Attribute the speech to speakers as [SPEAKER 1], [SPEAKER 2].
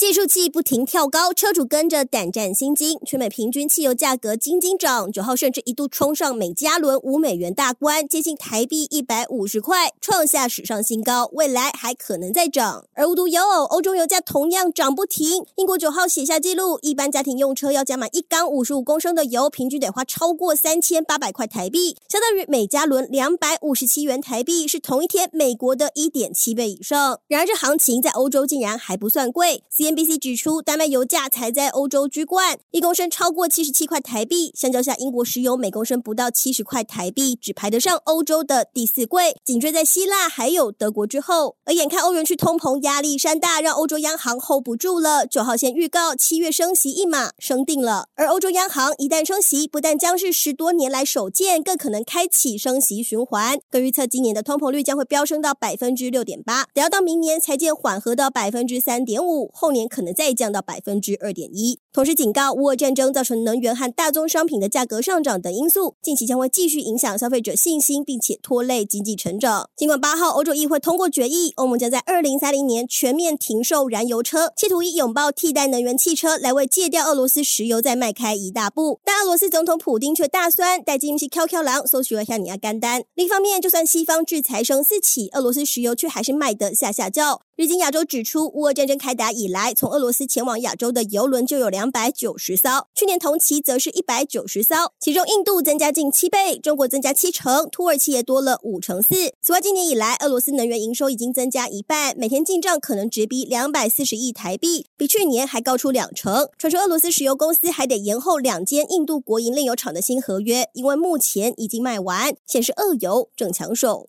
[SPEAKER 1] 計數器不停跳高，車主跟着膽戰心驚。全美平均汽油價格驚驚漲，九號甚至一度衝上每加侖五美元大關，接近台幣一百五十塊，創下史上新高。未來還可能再漲。而無獨有偶，歐洲油價同樣漲不停。英國九號寫下記錄，一般家庭用車要加滿一缸五十五公升的油，平均得花超過三千八百塊台幣，相當於每加侖兩百五十七元台幣，是同一天美國的一點七倍以上。然而這行情在歐洲竟然還不算貴。NBC 指出，丹麥油價才在歐洲居冠，一公升超過七十七塊台幣。相較下，英國石油每公升不到七十塊台幣，只排得上歐洲的第四貴，緊追在希臘還有德國之後。而眼看歐元區通膨壓力山大，讓歐洲央行 hold 不住了。九號先預告七月升息一碼，升定了。而歐洲央行一旦升息，不但將是十多年來首見，更可能開啟升息循環。更預測，今年的通膨率將會飆升到百分之六點八，得要到明年才見緩和到百分之三點五，後年。可能再降到百分之二點一。同時警告，烏俄戰爭造成能源和大宗商品的價格上漲等因素，近期將會繼續影響消費者信心，並且拖累經濟成長。儘管八號歐洲議會通過決議，歐盟將在二零三零年全面停售燃油車，企圖以擁抱替代能源汽車來為戒掉俄羅斯石油再邁開一大步。但俄羅斯總統普丁卻大酸，帶金去敲敲狼，搜尋了向尼亞甘丹。另一方面，就算西方制裁聲四起，俄羅斯石油卻還是賣得下下叫。日經亞洲指出，烏俄戰爭開打以來，從俄羅斯前往亞洲的油輪就有兩兩百九十艘，去年同期則是一百九十艘，其中印度增加近七倍，中國增加七成，土耳其也多了五成四。此外，今年以來，俄羅斯能源營收已經增加一半，每天進賬可能直逼兩百四十億台幣，比去年還高出兩成。傳說俄羅斯石油公司還得延後兩間印度國營煉油廠的新合約，因為目前已經賣完，顯示俄油正搶手。